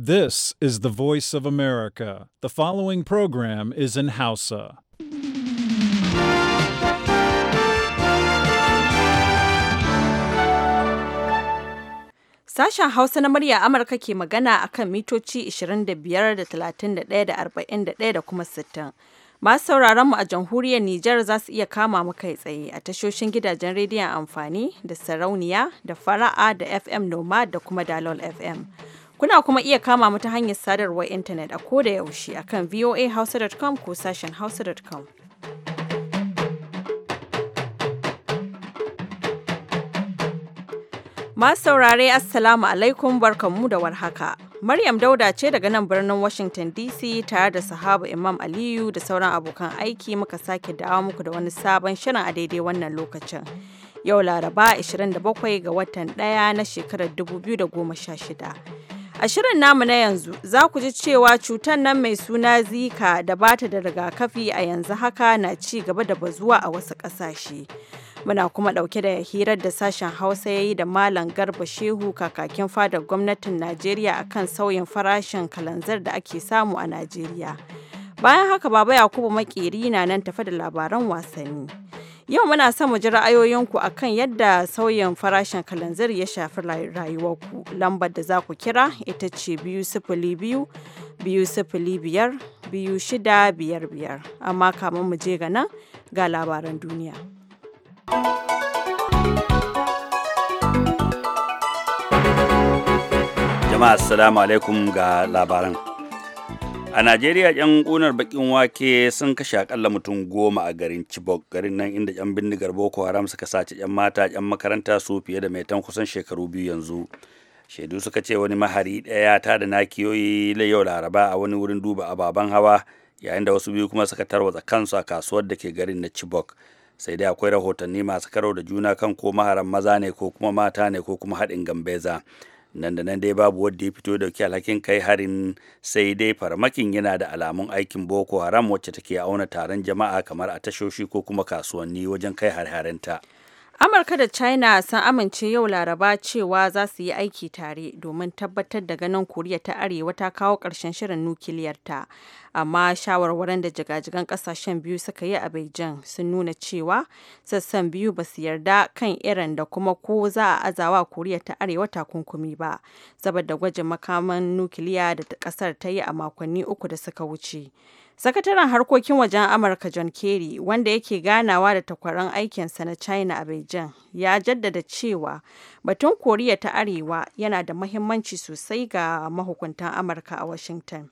This is the voice of America. The following program is in Hausa. Sashen Hausa na murya Amurka ke magana a kan mitoci 25 da da da kuma 60. Masu sauraronmu mu a jamhuriyar Nijar za su iya kama mu kai tsaye a tashoshin gidajen rediyon amfani da sarauniya da fara'a da FM Noma da kuma Dalol FM. Kuna kuma iya kama mu ta hanyar sadarwar intanet a koda yaushe akan voahausa.com ko sashen hausa.com. Masu saurare Assalamu alaikum barkanmu da warhaka. Maryam Dauda ce daga nan birnin Washington DC tare da sahaba Imam Aliyu da sauran abokan aiki muka sake dawo muku da wani sabon shirin a daidai wannan lokacin. Yau Laraba 27 ga watan ɗaya na shekarar 2016. A shirin namu na yanzu za ku ji cewa cutar nan mai suna zika da bata da rigakafi a yanzu haka na ci gaba da bazuwa a wasu ƙasashe. Muna kuma ɗauke da hirar da sashen Hausa ya yi da Malam Garba Shehu kakakin fadar gwamnatin Najeriya a kan sauyin farashin kalanzar da ake samu a Najeriya. Bayan haka Baba Yakubu maƙeri na nan tafa da labaran wasanni. Yau muna son mu ji ra'ayoyinku akan yadda sauyin farashin kalanzir ya shafi rayuwarku. Lambar da za ku kira ita ce biyu sifili biyu, biyu sifili biyar, biyu shida biyar biyar. Amma kamar mu je ga nan ga labaran duniya. Jama'a assalamu alaikum ga labaran. A Najeriya 'yan ƙunar bakin wake sun kashe akalla mutum goma a garin Chibok, garin nan inda 'yan bindigar Boko Haram suka sace 'yan mata 'yan makaranta su fiye da maitan kusan shekaru biyu yanzu. Shaidu suka ce wani mahari ɗaya ta da nakiyoyi yau laraba a wani wurin duba ababen hawa yayin da wasu biyu kuma suka tarwatsa kansu a kasuwar da ke garin na Chibok. Sai dai akwai rahotanni masu karo da juna kan ko maharan maza ne ko kuma mata ne ko kuma haɗin gambeza. nan da nan dai babu wadda ya fito dauki alhakin kai harin sai dai farmakin yana da alamun aikin boko haram wacce take auna taron jama'a kamar a tashoshi ko kuma kasuwanni wajen kai har ta. Amurka da China sun amince yau Laraba cewa za su yi aiki tare domin tabbatar da ganin Koriya ta Arewa ta kawo ƙarshen shirin nukiliyarta. Amma shawarwarin da jigajigan ƙasashen biyu suka yi a Beijing sun nuna cewa sassan biyu ba su yarda kan irin da kuma ko za a azawa Koriya ta Arewa ta kunkumi ba, saboda gwajin makaman nukiliya da ƙasar ta yi a makonni uku da suka wuce. Sakataren harkokin wajen Amurka John Kerry, wanda yake ganawa da takwaran aikinsa na China a Beijing, ya jaddada cewa batun Koriya ta Arewa yana da mahimmanci sosai ga mahukuntan Amurka a Washington.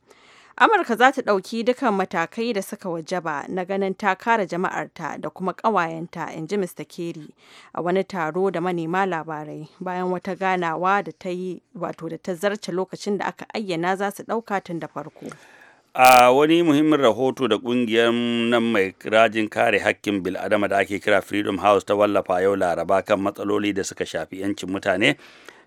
Amurka za ta ɗauki dukan matakai da suka wajaba na ganin ta kare jama'arta da kuma ƙawayenta, in ji Mr. Kerry a wani taro da manema labarai bayan wata ganawa da ta yi wato da ta zarce lokacin da aka ayyana za su ɗauka tun da farko. a wani muhimmin rahoto da kungiyar nan mai rajin kare hakkin bil'adama da ake kira freedom house ta wallafa yau laraba kan matsaloli da suka shafi 'yancin mutane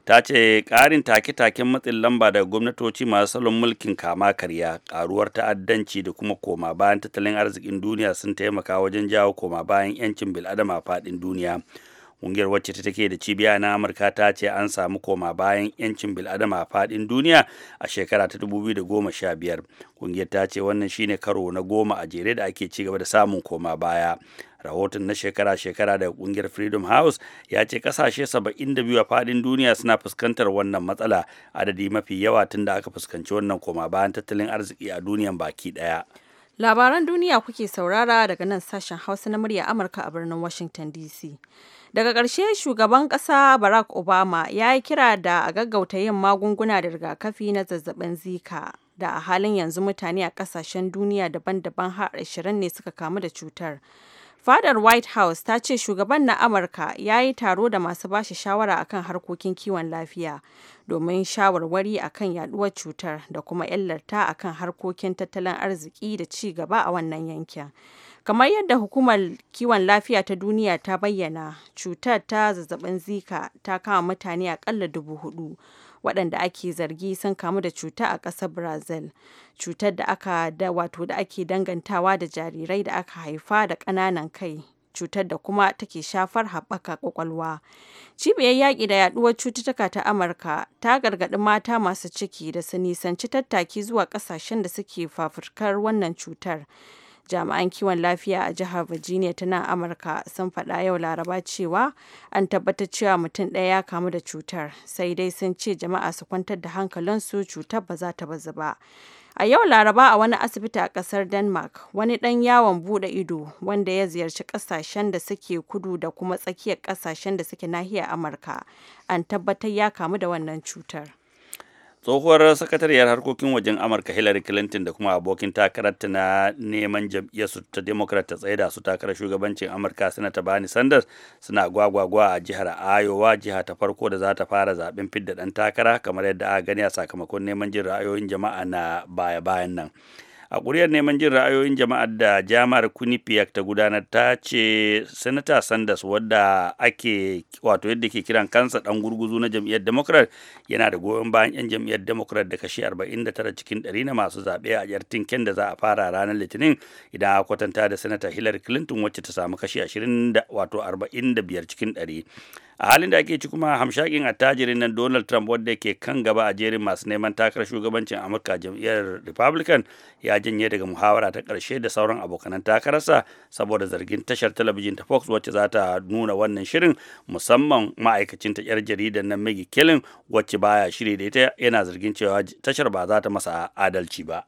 ta ce ƙarin take-taken matsin lamba daga gwamnatoci masu salon mulkin kama karya karuwar ta'addanci da kuma koma bayan tattalin arzikin duniya sun taimaka wajen jawo koma bayan 'yancin bil'adama faɗin duniya ƙungiyar wacce ta take da cibiya na amurka ta ce an samu koma bayan yancin biladama a faɗin duniya a shekara ta 2015 ƙungiyar ta ce wannan shine karo na goma a jere da ake cigaba da samun koma baya rahoton na shekara-shekara daga kungiyar freedom house ya ce kasashe biyu a fadin duniya suna fuskantar wannan matsala adadi mafi yawa tun da aka fuskanci wannan koma bayan tattalin arziki a duniyan baki daya labaran duniya kuke saurara daga nan sashen hausa na murya amurka a birnin washington dc Daga ƙarshe shugaban ƙasa Barack Obama ya yi kira da a gaggauta yin magunguna da rigakafi na zazzabin Zika da a halin yanzu mutane a ƙasashen duniya daban-daban har 20 ne suka kamu da cutar. Fadar White House ta ce shugaban na Amurka ya yi taro da masu bashi shawara akan harkokin kiwon lafiya domin shawarwari akan yaduwar cutar da kuma illarta akan harkokin tattalin arziki da ci gaba a wannan yankin. Kamar yadda Hukumar Kiwon Lafiya ta Duniya ta bayyana, cutar ta zazzabin Zika ta kama mutane akalla dubu hudu waɗanda ake zargi sun kamu da cuta a ƙasar Brazil, cutar da aka da wato da ake dangantawa da jarirai da aka haifa da ƙananan kai cutar da kuma take shafar haɓaka ƙwaƙwalwa. Cibiyar yaƙi da yaɗuwar cututtuka ta Amurka ta gargaɗi mata masu ciki da su nisanci tattaki zuwa ƙasashen da suke fafurkar wannan cutar jami'an kiwon lafiya a jihar virginia ta nan amurka sun faɗa yau laraba cewa an tabbatar cewa mutum ɗaya ya kamu da cutar sai dai sun ce jama'a su kwantar da hankalinsu cutar ba za ta bazu ba a yau laraba a wani asibiti a ƙasar denmark wani ɗan yawon buɗe ido wanda ya ziyarci ƙasashen da suke kudu da kuma tsakiyar ƙasashen da suke nahiyar amurka an tabbatar ya kamu da wannan cutar tsohuwar sakatariyar harkokin wajen amurka hillary clinton da kuma abokin takararta na neman jam'iyyarsu ta democrat ta tsaida su takarar shugabancin amurka ta bani sanders suna gwagwagwa a jihar iowa jiha ta farko da za ta fara zaben fidda dan takara kamar yadda a gani a sakamakon neman jin ra'ayoyin jama'a na baya-bayan nan a ƙuri'ar neman jin ra'ayoyin jama'ar da jami'ar quinnipiac ta gudanar ta ce sanata sanders wadda ake wato yadda ke kiran kansa dan gurguzu na jam'iyyar democrat yana da goyon bayan 'yan jam'iyyar democrat da kashi 49 cikin 100 na masu zaɓe a yar tinken da za a fara ranar litinin idan a kwatanta da sanata hillary clinton wacce ta samu kashi 20 wato 45 cikin 100 a halin da ake ci kuma hamshakin attajirin nan donald trump wanda ke kan gaba a jerin masu neman takarar shugabancin amurka jam'iyyar republican ya janye daga muhawara ta karshe da sauran abokanan takararsa saboda zargin tashar talabijin ta fox wacce za ta nuna wannan shirin musamman ma'aikacin ta yar jaridar nan maggie kelin wacce baya shiri da ita yana zargin cewa tashar ba za ta masa adalci ba.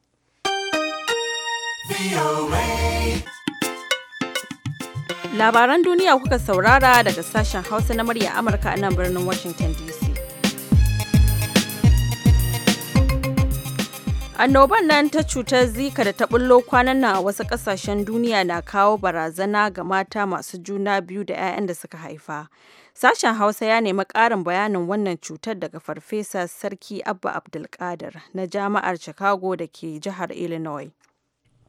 Labaran duniya kuka saurara daga sashen Hausa na murya Amurka a nan birnin Washington DC. Annoban nan ta cutar zika da ta bullo kwanan nan a wasu ƙasashen duniya na kawo barazana ga mata masu juna biyu da 'ya'yan da suka haifa. Sashen Hausa ya nemi ƙarin bayanin wannan cutar daga Farfesa Sarki Abba Abdulkadir na jama'ar Chicago da ke jihar Illinois.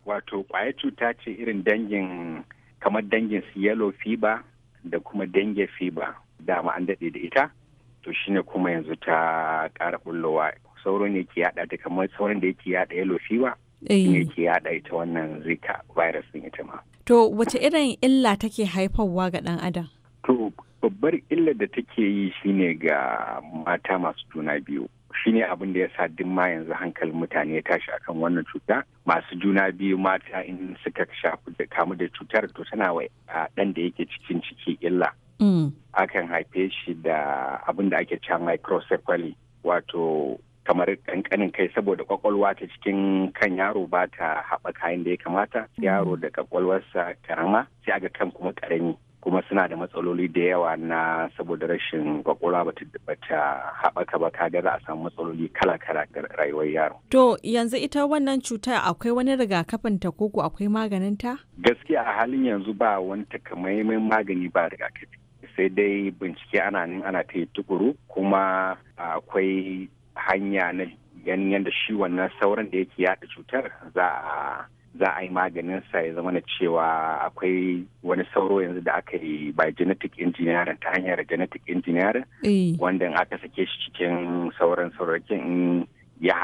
Wato, kwaya cuta ce irin dangin kamar dangin su yellow fever da kuma dengue fever dama an daɗe da ita to shine kuma yanzu ta ƙara bullowa sauro ne ke yaɗa ta kamar sauran da yake yaɗa yellow fever ne eh. ke yaɗa ita wannan zika virus din ita ma. To wace irin illa take haifarwa ga ɗan adam? To babbar illar da take yi shine ga mata masu juna biyu. shine abin da ya sa duk ma yanzu hankalin mutane ya tashi akan wannan cuta masu juna biyu mata in suka shafi da kamu da cutar to tana wa dan da yake cikin ciki illa mm. akan haife shi da abin da ake cewa microcephaly wato kamar kankanin kai saboda kwakwalwa ta cikin kan yaro ba ta haɓaka yadda ya kamata mm. yaro da kwakwalwarsa karama sai aga kan kuma karami kuma suna da matsaloli da yawa na saboda rashin kwakwalwa ba ta haɓaka ba ka za a samu matsaloli kala-kala ga rayuwar yaro. To yanzu ita wannan cuta akwai wani rigakafin ta koko akwai maganin ta? Gaskiya a halin yanzu ba wani takamaiman magani ba rigakafi. Sai dai bincike ana nan ana ta yi tukuru kuma akwai hanya na da shi wannan sauran da yake yaɗa cutar za a za a yi maganin sa ya zama na cewa akwai wani sauro yanzu da aka yi by genetic engineering ta hanyar genetic engineering eh. wanda aka sake shi cikin sauran in ya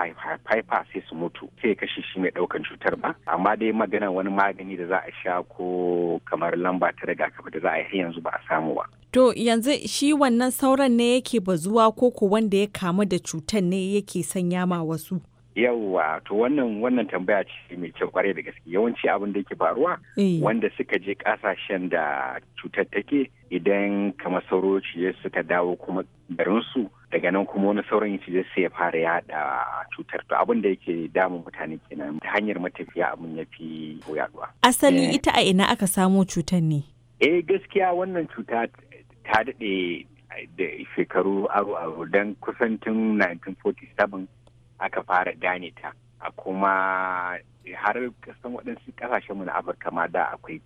haifa sai su mutu sai kashe shi mai daukan cutar ba amma dai magana wani magani da za a sha ko kamar lamba ta rigakafi da za a yi yanzu ba a samu ba to yanzu shi wannan sauran ne yake bazuwa ko ko wanda ya kamu da cutar ne yake sanya ma wasu yawwa to wannan wannan tambaya ce mai kyau kwarai da gaske yawanci abin da yake faruwa eh. wanda suka je kasashen da cutar take idan kamar sauro ciye suka dawo kuma garinsu daga nan kuma wani sauran ciye sai ya fara yada cutar to abin da yake damun mutane kenan ta hanyar matafiya abin ya fi yaduwa asali eh. ita a ina aka samo cutar ne eh gaskiya wannan cuta ta daɗe da shekaru aro aro don kusan tun 1947 aka fara gane ta a kuma har kasan waɗansu mu na afirka ma da akwai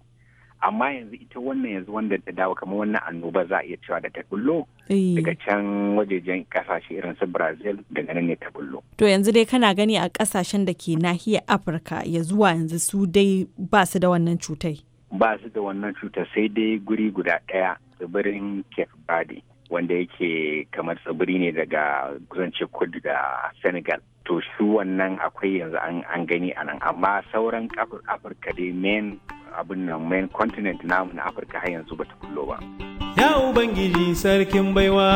amma yanzu ita wannan yanzu wanda ta dawo kamar wannan annoba za a iya cewa da ta bullo eh. daga can wajejen kasashe irin su brazil daga nan ne ta bullo to yanzu dai kana gani a kasashen da ke nahiyar afirka ya zuwa yanzu su dai ba su da wannan cutai ba su da wannan cutar sai dai guri guda ɗaya tsibirin cape verde wanda yake kamar tsibiri ne daga kusanci kudu da senegal to shi wannan akwai yanzu an gani a nan amma sauran afirka dai main abin nan main continent na afirka har yanzu bata kullo ba ya ubangiji sarkin baiwa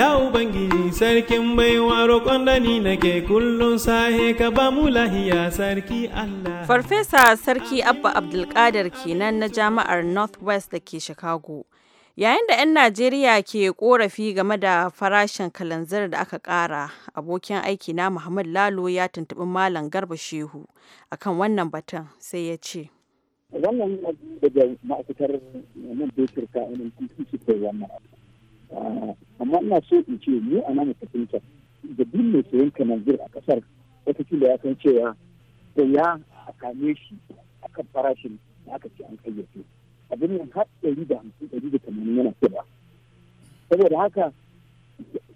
ya ubangiji sarkin baiwa roƙon da ni nake kullum sahe ka ba mu lahiya sarki allah farfesa sarki abba abdulkadir kenan na jami'ar northwest da ke chicago Yayin da 'yan Najeriya ke korafi game da farashin kalanzir da aka ƙara, abokin aikina Muhammad Lalo ya tuntuɓi Malam Garba Shehu akan wannan batun sai ya ce. Wannan daga ma'aikatar nan Bekir ka ainihin kai wannan ah, Amma ina so in ce mu a nan fahimta da duk mai sayan kalanzir a ƙasar watakila ya san cewa da ya a kame shi kan farashin da aka ce an kayyace. abin nan har ɗari da hamsin ɗari da tamanin yana kira saboda haka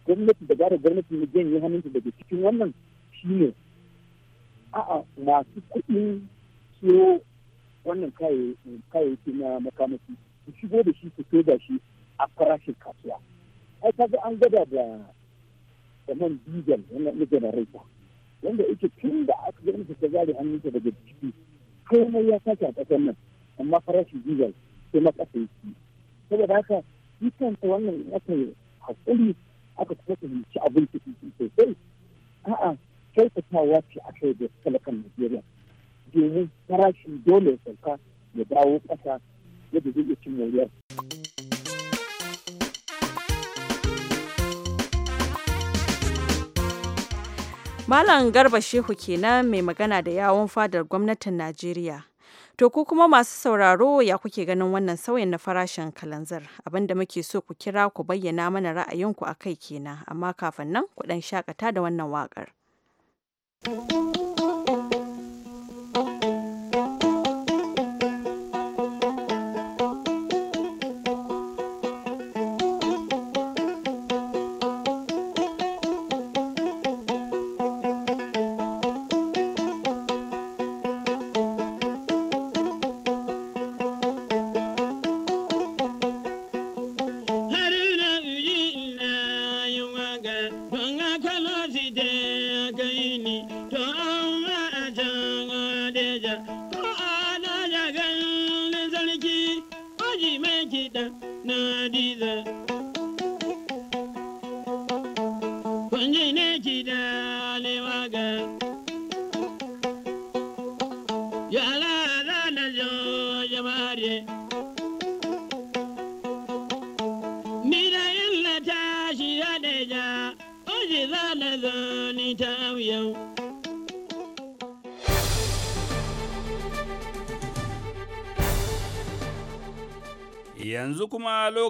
gwamnati da gara gwamnati na janye hannunta daga cikin wannan shi a'a masu kuɗin siyo wannan kayayyaki na makamashi su shigo da shi su so da shi a farashin kasuwa ai ga an gada da da man diesel na generator wanda yake tun da aka gwamnati ta zare hannunta daga ciki mai ya sake a ƙasar nan amma farashin diesel sai matsakaici saboda haka shi kanta wannan in aka yi haƙuri aka kuma fahimci abin ciki sosai a'a kyautatawa ce a yi da talakan najeriya domin farashin dole ya sauka ya dawo ƙasa yadda zai iya cin moriyar Malam Garba Shehu kenan mai magana da yawon fadar gwamnatin Najeriya. To ku kuma masu sauraro ya kuke ganin wannan sauyin na farashin kalanzar abinda muke so ku kira ku bayyana mana ra'ayinku a kai kenan amma kafin nan ku ɗan shakata da wannan waƙar.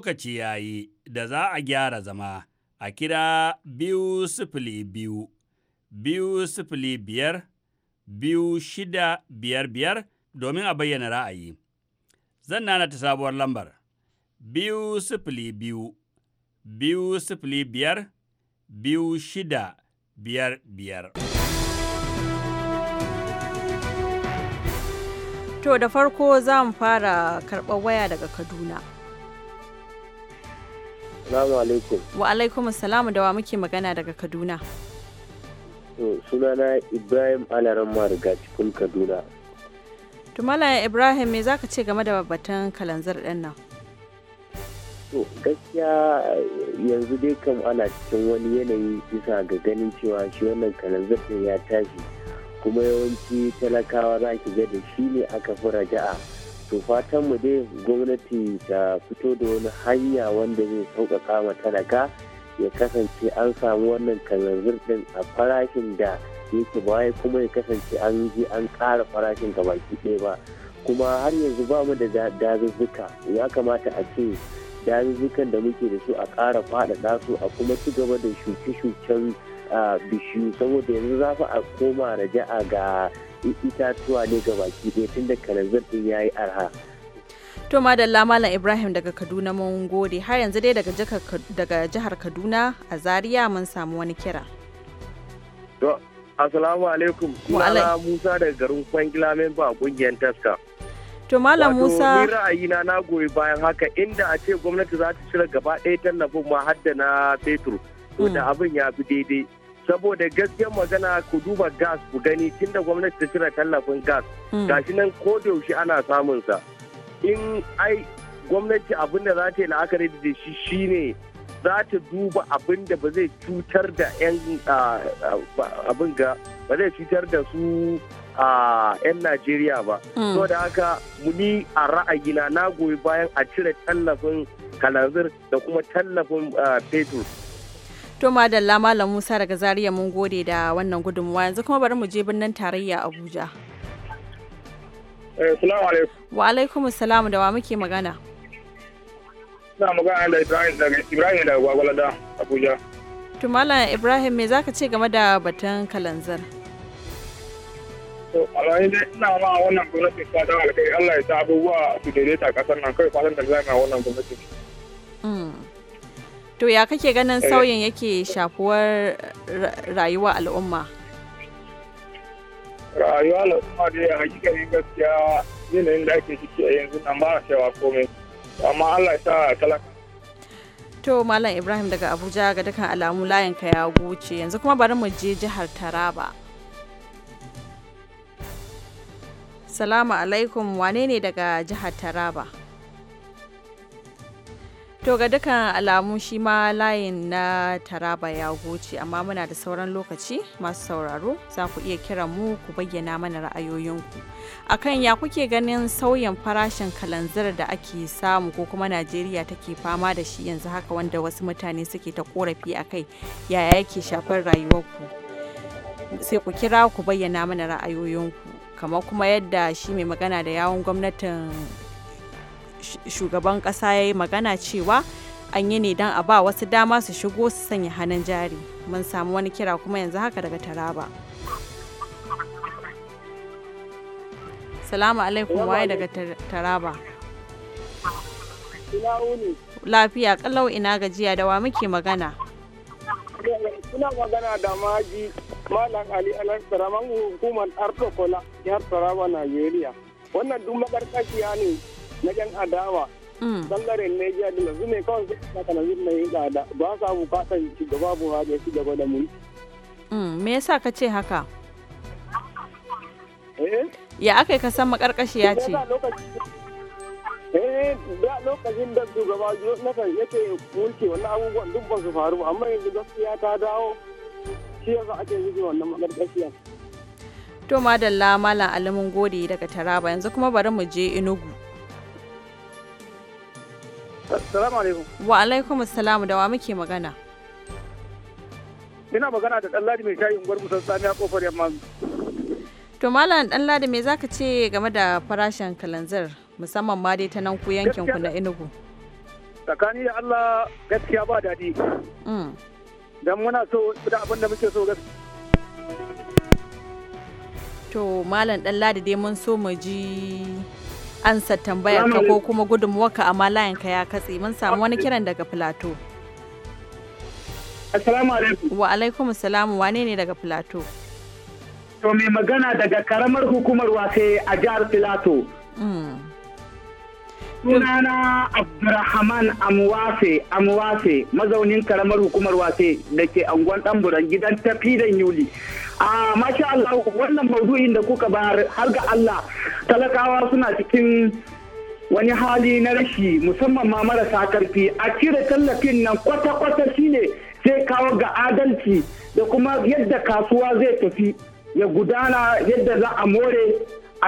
lokaci ya yi da za a gyara zama a kira biyu sifili biyu, biyu sifili biyar, biyu shida biyar biyar domin a bayyana ra'ayi. Zan nana ta sabuwar lambar, biyu sifili biyu, biyu sifili biyar, biyu shida biyar biyar. To da farko za mu fara karɓar waya daga Kaduna. Assalamu alaikum. Wa alaikum assalamu da wa muke magana daga Kaduna. To sunana Ibrahim Alaran Mariga cikin Kaduna. Tumala Ibrahim me zaka ce game da babbatan kalanzar ɗin nan? To gaskiya yanzu dai kam ana cikin wani yanayi bisa ga ganin cewa shi wannan kalanzar ɗin ya tashi kuma yawanci talakawa za ki ga da shi ne aka fi raja'a. to fatan mu dai gwamnati ta fito da wani hanya wanda zai sauƙaƙa ma talaka ya kasance an samu wannan kanzir din a farashin da yake baya kuma ya kasance an ji an ƙara farashin ga baki ɗaya ba kuma har yanzu ba mu da dazuzzuka ya kamata a ce dazuzzukan da muke da su a ƙara faɗaɗa su a kuma ci gaba da shuke-shuken ah, bishiyu saboda yanzu za a koma raja'a ga itatuwa ne ga baki ɗaya tun da kalanzir din ya yi arha. To madalla Malam Ibrahim daga Kaduna mun gode har yanzu dai daga jihar Kaduna a Zaria mun samu wani kira. To Assalamu alaikum. na Musa daga garin Kwangila memba a kungiyar Taska. To Malam Musa. Wato ra'ayina na goyi bayan haka inda a ce gwamnati za ta cire gaba ɗaya tallafin ma har da na fetur. To da mm. abin ya fi daidai. saboda gaskiyar magana ku duba gas ku gani tunda gwamnati ta cire tallafin gas hmm. gashi nan ko da yaushe ana samun sa in ai gwamnati abin da za ta yi la'akari da shi shine za ta duba abin da ba zai cutar da 'yan abin ga ba zai cutar da su a 'yan Najeriya ba. Hmm. So da haka muni a ra'ayina na goyi bayan a cire tallafin kalanzir da kuma tallafin fetur. To madalla Malam Musa daga Zaria mun gode da wannan gudunmuwa yanzu kuma bari mu je birnin tarayya Abuja. Assalamu eh, alaikum. Wa alaikum assalam da wa muke magana? Ina magana da Ibrahim daga Ibrahim daga Gwagwalada Abuja. To Malam Ibrahim me zaka ce game da batun kalanzar? To alhaji dai ina ma wannan gwamnati fatan alkai Allah ya sa abubuwa su daidaita kasar nan kai fatan da zai na wannan gwamnati. Mm. to ya kake ganin eh. sauyin yake shafuwar rayuwa al'umma rayuwa al'umma da ya hakikanin gaskiya yanayin da ake ciki a yanzu na mara cewa komai amma allah ya sa talaka to malam ibrahim daga abuja ga dukkan alamu layin ka ya goce yanzu kuma bari mu je jihar taraba salamu alaikum wane ne daga jihar taraba To ga dukkan alamu shi ma layin na Taraba ya goce amma muna da sauran lokaci masu sauraro za ku iya kira mu ku bayyana mana ra'ayoyinku. Akan ya kuke ganin sauyin farashin kalanzir da ake samu ko kuma Najeriya take fama da shi yanzu haka wanda wasu mutane suke ta korafi a kai yaya yake shafar rayuwarku. Sai ku kira ku bayyana mana ra'ayoyinku kamar kuma yadda shi mai magana da yawun gwamnatin shugaban kasa ya yi magana cewa an yi ne don a ba wasu dama su shigo su sanya hannun jari mun samu wani kira kuma yanzu haka daga taraba salamu alaikum waye daga taraba lafiya kalau ina gajiya da wa muke magana suna magana da maji malam ali alaskaraman hukumar artokola yar taraba nigeria wannan duk makarkashiya ne na yan adawa mm. bangaren Niger da yanzu mai kawai zai saka na zai mai tsada ba sa bukatan shugaba Buhari ya ci gaba da gwada mu. Mm, me yasa ka ce haka? Eh? Ya aka yi kasan makarkashiya ce? Eh, da lokacin da shugaba na kan yake mulki wannan abubuwan duk ba su faru amma yanzu gaskiya ta dawo shi yasa ake yi wannan makarkashiya to madalla malam alimin gode daga taraba yanzu kuma bari mu je inugu Assalamu alaikum. Wa alaikum assalamu da wa muke magana. Ina magana da Ɗanladi mai shayin gwargusan tsamiya kofar yamma. To Malam Ɗanladi me zaka ce game da farashin kalanzir musamman ma dai ta nan ku yankin ku na inugu. Tsakani da Allah gaskiya ba daɗi. Mm. Dan muna so da abin da muke so gaskiya. To Malam Ɗanladi dai mun so mu ji ansa tambayar ka ko kuma gudunmuwarka amma layin ka ya katse mun samu wani kiran daga Filato. Assalamu alaikum. Wa alaikum salam wane ne daga Filato? To mai magana daga karamar hukumar wase a jihar Filato. Hmm. Sunana Abdurrahman Amwase Amwase mazaunin karamar hukumar wase da ke anguwan ɗanburan gidan tafi da Yuli. a ah, masha Allah wannan maudu'in da kuka bayar har ga Allah talakawa suna cikin wani hali na rashi musamman ma marasa karfi a cire tallafin nan kwata-kwata shine zai kawo ga adalci da kuma yadda kasuwa zai tafi ya gudana yadda za a more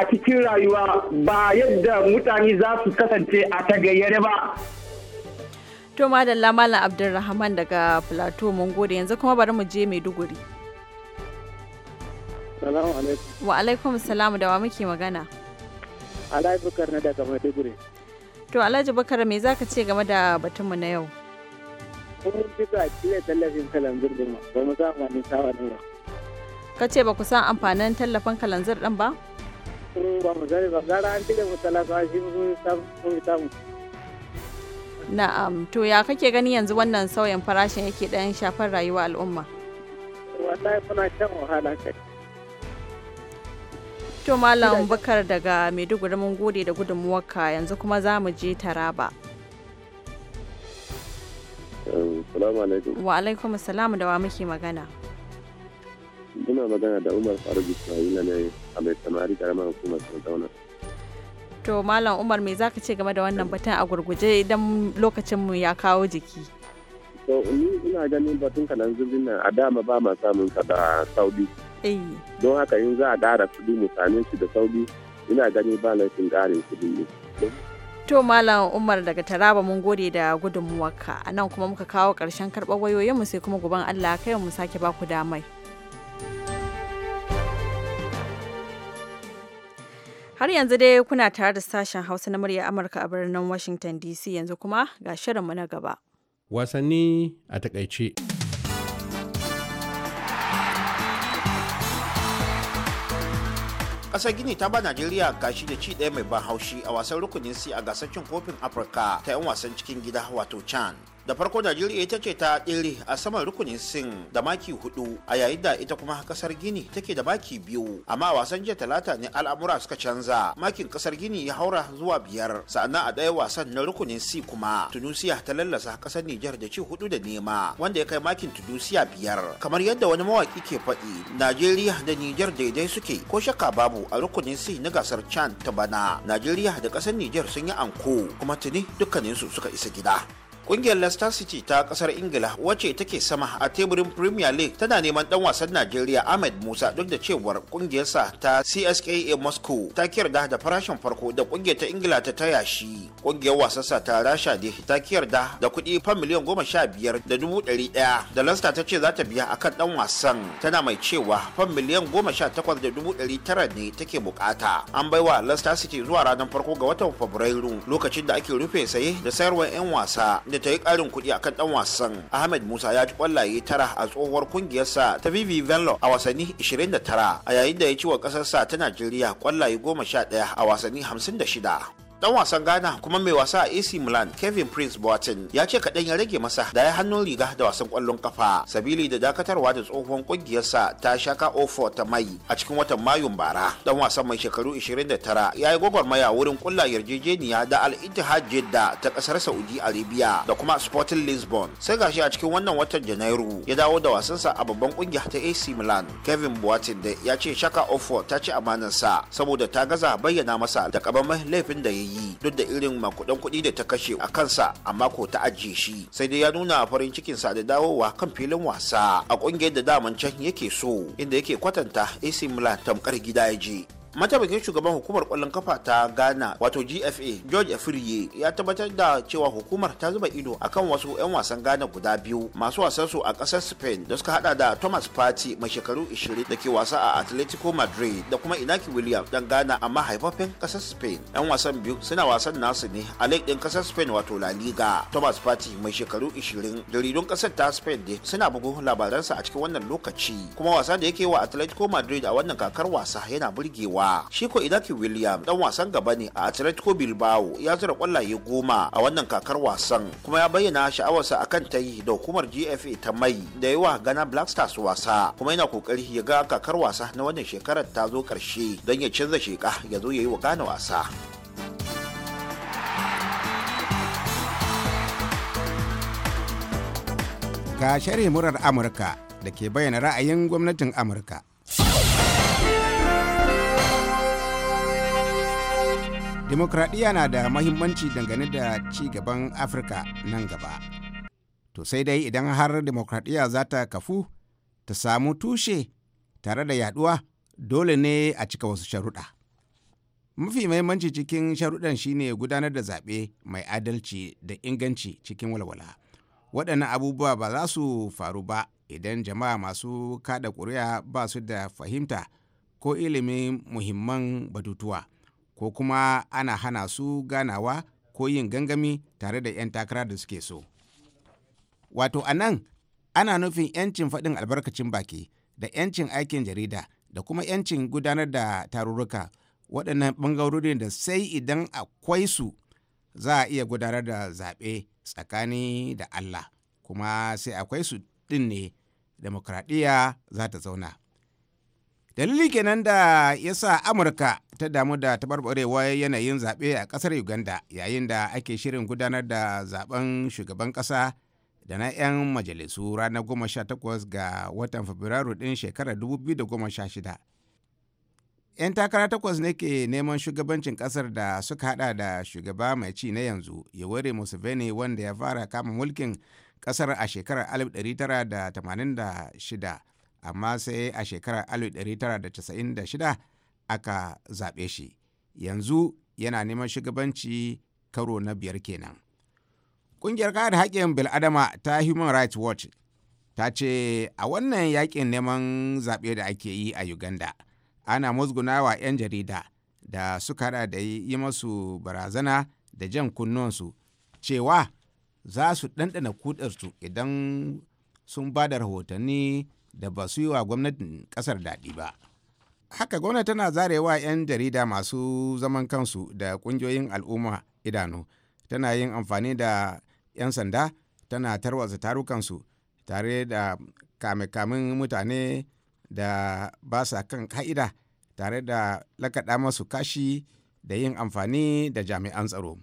a cikin rayuwa ba yadda mutane za su kasance a tagayyare ba to madalla malam abdulrahman daga plateau mun gode yanzu kuma bari mu je maiduguri Salamu alaikum. Wa alaikum salamu da wa muke magana. Alhaji Bukar na daga Maiduguri. To Alhaji Bukar me ka ce game da batunmu na yau? Mun fi a cire tallafin kalanzir din ba mu samu wani sawa ne ba. Ka ce ba ku san amfanin tallafin kalanzir din ba? Mm, ba mu zari ba gara an cire mu talakawa shi mun samu. Na'am to ya kake gani yanzu wannan sauyin farashin yake ɗayan shafar rayuwa al'umma? Wallahi kuna shan wahala kai. To Malam Bakar daga Maiduguri mun gode da gudunmuwarka yanzu kuma za mu je Taraba. Ehm, salamu alaikum. Wa alaikum salamu da wa muke magana. Muna magana da Umar Faruk Ismaila ne a mai samari karamar hukumar Sardauna. To Malam Umar me zaka ce game da wannan batun a gurguje idan lokacin mu ya kawo jiki? To ni ina ganin batun kanan zubin nan a dama ba ma samun ka da Saudi. Eh. don haka in za a ƙara kudi mu shi da sauri ina gani ba laifin ƙarin kuɗi ne. To Malam Umar daga Taraba mun gode da gudunmuwarka a nan kuma muka kawo ƙarshen karɓar wayoyinmu sai kuma guban Allah kai mu sake baku damai. Har yanzu dai kuna tare da sashen Hausa na murya Amurka a birnin Washington DC yanzu kuma ga shirinmu na gaba. Wasanni a takaice. kasar gini ta ba najeriya gashi da ci ɗaya mai ban haushi a wasan rukunin si a gasar cin kofin afirka ta 'yan wasan cikin gida wato chan da farko najeriya ita ce ta ɗere a saman rukunin sin da maki hudu a yayin da ita kuma kasar gini take da maki biyu amma a wasan jiya talata ne al'amura suka canza makin kasar gini ya haura zuwa biyar sannan a ɗaya wasan na rukunin si kuma tunisia ta lallasa kasar nijar da ci hudu da nema wanda ya kai makin tunisia biyar kamar yadda wani mawaki ke faɗi najeriya da nijar daidai suke ko shakka babu a rukunin si na gasar chan ta bana najeriya da kasar nijar sun yi anko kuma tuni dukkaninsu suka isa gida Kungiyar Leicester City ta kasar Ingila wacce take sama a teburin Premier League tana neman dan wasan Najeriya Ahmed Musa duk da cewar kungiyarsa ta CSKA Moscow ta kiyarda da farashin farko da kungiyar ta Ingila ta taya shi. Kungiyar wasansa ta Rasha da ta kiyarda da kuɗi fan miliyan goma sha biyar da dubu ɗari ɗaya da Leicester ta ce za ta biya akan dan wasan tana mai cewa fan miliyan goma sha takwas da dubu ɗari tara ne take bukata. An baiwa Leicester City zuwa ranar farko ga watan Fabrairu lokacin da ake rufe saye da sayarwar 'yan wasa da ta yi ƙarin kuɗi akan ɗan wasan. Ahmed Musa ya ci kwallaye tara a tsohuwar kungiyarsa ta Vivi Venlo a wasanni 29 a yayin da ya ci wa ƙasarsa ta Najeriya ƙwallaye ɗaya a wasanni 56. dan wasan ghana kuma mai wasa a ac milan kevin prince boateng ya ce kaɗan ya rage masa da ya hannun riga da wasan ƙwallon kafa sabili da dakatarwa da tsohon ƙungiyarsa ta shaka ofo ta mai a cikin watan mayun bara dan wasan mai shekaru 29 ya yi gwagwarmaya wurin ƙulla yarjejeniya da al ittihad jeddah ta ƙasar saudi arabia da kuma sporting lisbon sai gashi a cikin wannan watan janairu ya dawo da wasansa a babban ƙungiya ta ac milan kevin boateng da ya ce shaka ofo ta ci sa saboda ta gaza bayyana masa da ƙaban laifin da ya yi yi duk da irin makudan kuɗi da ta kashe a kansa a mako ta ajiye shi sai dai ya nuna farin cikinsa da dawowa kan filin wasa a ƙungiyar da daman can yake so inda yake kwatanta AC Milan tamkar gida ya je. mataimakin shugaban hukumar kwallon kafa ta ghana wato gfa george efirye ya tabbatar da cewa hukumar ta zuba ido akan wasu 'yan wasan ghana guda biyu masu wasan su a kasar spain da suka hada da thomas party mai shekaru 20 da ke wasa a atletico madrid da kuma inaki william dan ghana amma haifafen kasar spain 'yan wasan biyu suna wasan nasu ne a lake din kasar spain wato la liga thomas party mai shekaru 20 jaridun kasar ta spain ne suna bugu labaransa a cikin wannan lokaci kuma wasa da yake wa atletico madrid a wannan kakar wasa yana burgewa shiko shi idaki william dan wasan gaba ne a atletico bilbao ya zura kwallaye goma a wannan kakar wasan kuma ya bayyana sha'awarsa akan ta yi da hukumar gfa ta mai da yawa gana black stars wasa kuma yana kokari ya ga kakar wasa na wannan shekarar ta zo karshe don ya canza sheka ya zo ya yi wa gane wasa ga shari murar amurka da ke bayyana ra'ayin gwamnatin amurka demokradiyya na da mahimmanci dangane da ci gaban afirka nan gaba to sai dai idan har demokradiyya za ta kafu ta samu tushe tare da yaduwa dole ne a cika wasu sharuɗa mafi mahimmanci cikin sharuɗan shine gudanar da zaɓe mai adalci da inganci cikin walwala waɗannan abubuwa ba za su faru ba idan jama'a masu kada ƙuri'a ba su da fahimta ko ilimin muhimman batutuwa. ko kuma ana hana su ganawa ko yin gangami tare da 'yan takara da suke so. Wato a nan ana nufin 'yancin faɗin albarkacin baki da 'yancin aikin jarida da kuma 'yancin gudanar da tarurruka waɗannan ɓangarorin da sai idan akwai su za a iya gudanar da zaɓe tsakani da Allah kuma sai akwai su ɗin ne demokradiyya za ta zauna. dalili kenan da ya sa amurka ta damu da taɓarɓarewar yanayin zaɓe a ƙasar uganda yayin da ake shirin gudanar da zaben shugaban ƙasa da na 'yan majalisu ranar 18 ga watan fabrairu ɗin shekarar 2016 'yan takara takwas ne ke neman shugabancin ƙasar da suka hada da shugaba mai ci na yanzu yawari museveni wanda ya fara kama mulkin ƙasar a shekarar 1986 amma sai a shekarar 1996 aka zaɓe shi yanzu yana neman shugabanci karo na biyar kenan ƙungiyar kare haƙƙin bil'adama ta human rights watch ta ce a wannan yaƙin neman zaɓe da ake yi a uganda ana musgunawa 'yan jarida da suka hada da yi masu barazana da jan kunnonsu cewa za su ɗanɗana kuɗarsu idan sun ba da rahotanni da ba su yi wa gwamnatin kasar daɗi ba haka gwamnati tana zarewa 'yan jarida masu zaman kansu da ƙungiyoyin al'umma idanu tana yin amfani da 'yan sanda tana tarwatsa tarukansu tare da kame mutane da ba sa kan ka'ida tare da lakaɗa masu kashi da yin amfani da jami'an tsaro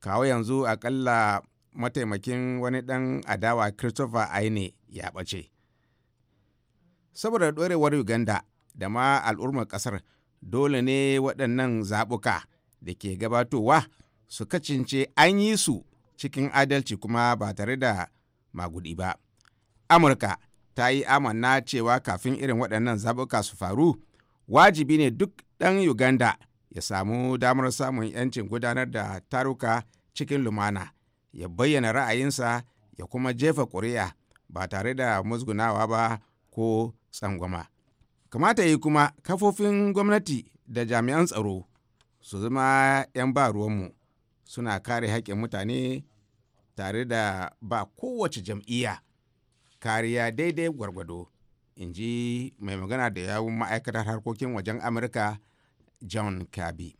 kawo yanzu aƙalla mataimakin wani ɗan adawa christopher aine ya ɓace saboda ɗorewar uganda da ma al'ummar ƙasar dole ne waɗannan zaɓuka da ke gabatowa su kacince an yi su cikin adalci kuma ba tare da magudi ba amurka ta yi amanna cewa kafin irin waɗannan zaɓuka su faru wajibi ne duk ɗan uganda ya samu damar samun 'yancin gudanar da taruka cikin lumana ya bayyana ra'ayinsa ya kuma jefa ƙuri'a ba tare da musgunawa ba ko tsangwama kamata yi kuma kafofin gwamnati da jami'an tsaro su zama 'yan ba ruwanmu suna kare haƙƙin mutane tare da ba kowace jam'iyya kariya daidai gwargwado in ji mai magana da yawun ma'aikatar harkokin wajen amurka john kirby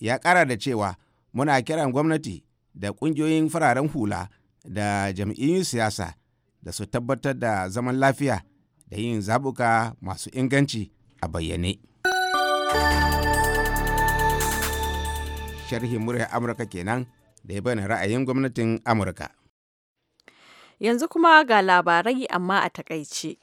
ya ƙara da cewa muna kiran gwamnati da ƙungiyoyin fararen hula da jam'iyyun siyasa da su tabbatar da zaman lafiya da yin zaɓuka masu inganci a bayyane. Sharhin murya Amurka kenan da ya bani ra'ayin gwamnatin Amurka. Yanzu kuma ga labarai amma a takaice.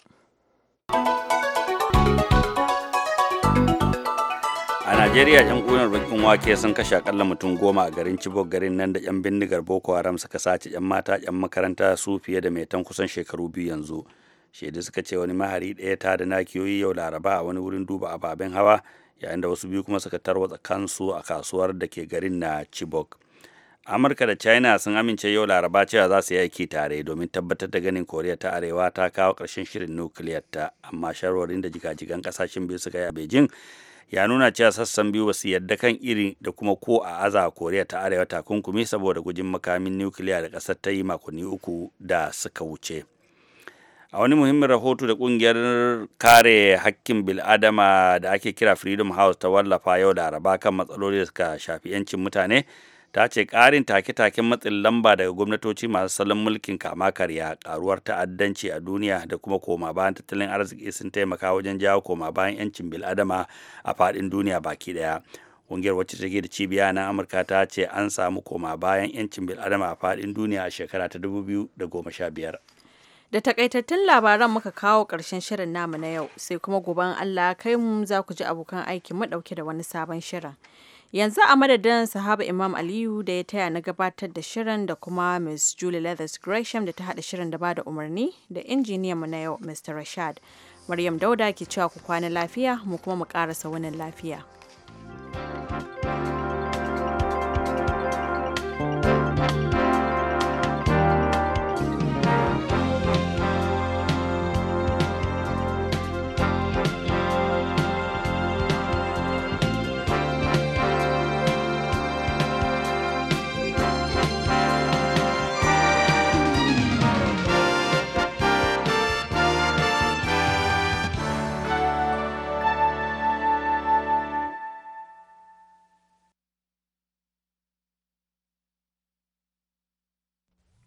a najeriya yan kunar bakin wake sun kashe akalla mutum goma a garin chibok garin nan da yan bindigar boko haram suka sace yan mata yan makaranta su fiye da mai tan kusan shekaru biyu yanzu shaidu suka ce wani mahari ɗaya ta da nakiyoyi yau laraba a wani wurin duba ababen hawa yayin da wasu biyu kuma suka tarwatsa kansu a kasuwar da ke garin na chibok amurka da china sun amince yau laraba cewa za su yi aiki tare domin tabbatar da ganin koriya ta arewa ta kawo ƙarshen shirin nukiliyar ta amma shawarwarin da jigajigan kasashen biyu suka yi a beijing ya nuna cewa sassan biyu ba su yadda kan iri da kuma ko a aza koriya ta arewa takunkumi saboda gujin makamin nukiliya da ƙasar ta yi makonni uku da suka wuce. a wani muhimmin rahoto da kungiyar kare hakkin bil'adama da ake kira freedom house ta wallafa yau da araba kan matsaloli da suka shafi 'yancin mutane ta ce ƙarin take-taken matsin lamba daga gwamnatoci masu salon mulkin kama karya karuwar ta'addanci a duniya da kuma koma bayan tattalin arziki sun taimaka wajen jawo koma bayan 'yancin bil'adama a faɗin duniya baki ɗaya ƙungiyar wacce take da cibiya na amurka ta ce an samu koma bayan 'yancin bil'adama a faɗin duniya a shekara ta 2015 Da takaitattun labaran muka kawo ƙarshen shirin namu na yau, sai kuma goben Allah kai mu za ku ji abokan aiki mu ɗauke da wani sabon shirin. Yanzu a madadin sahaba Imam Aliyu da ya taya na gabatar da shirin da kuma Ms. Julie Leathers Gresham da ta haɗa shirin da ba da umarni da mu na yau Mr. Rashad. Maryam Dauda ke cewa ku kwana lafiya mu kuma mu ƙarasa wani lafiya.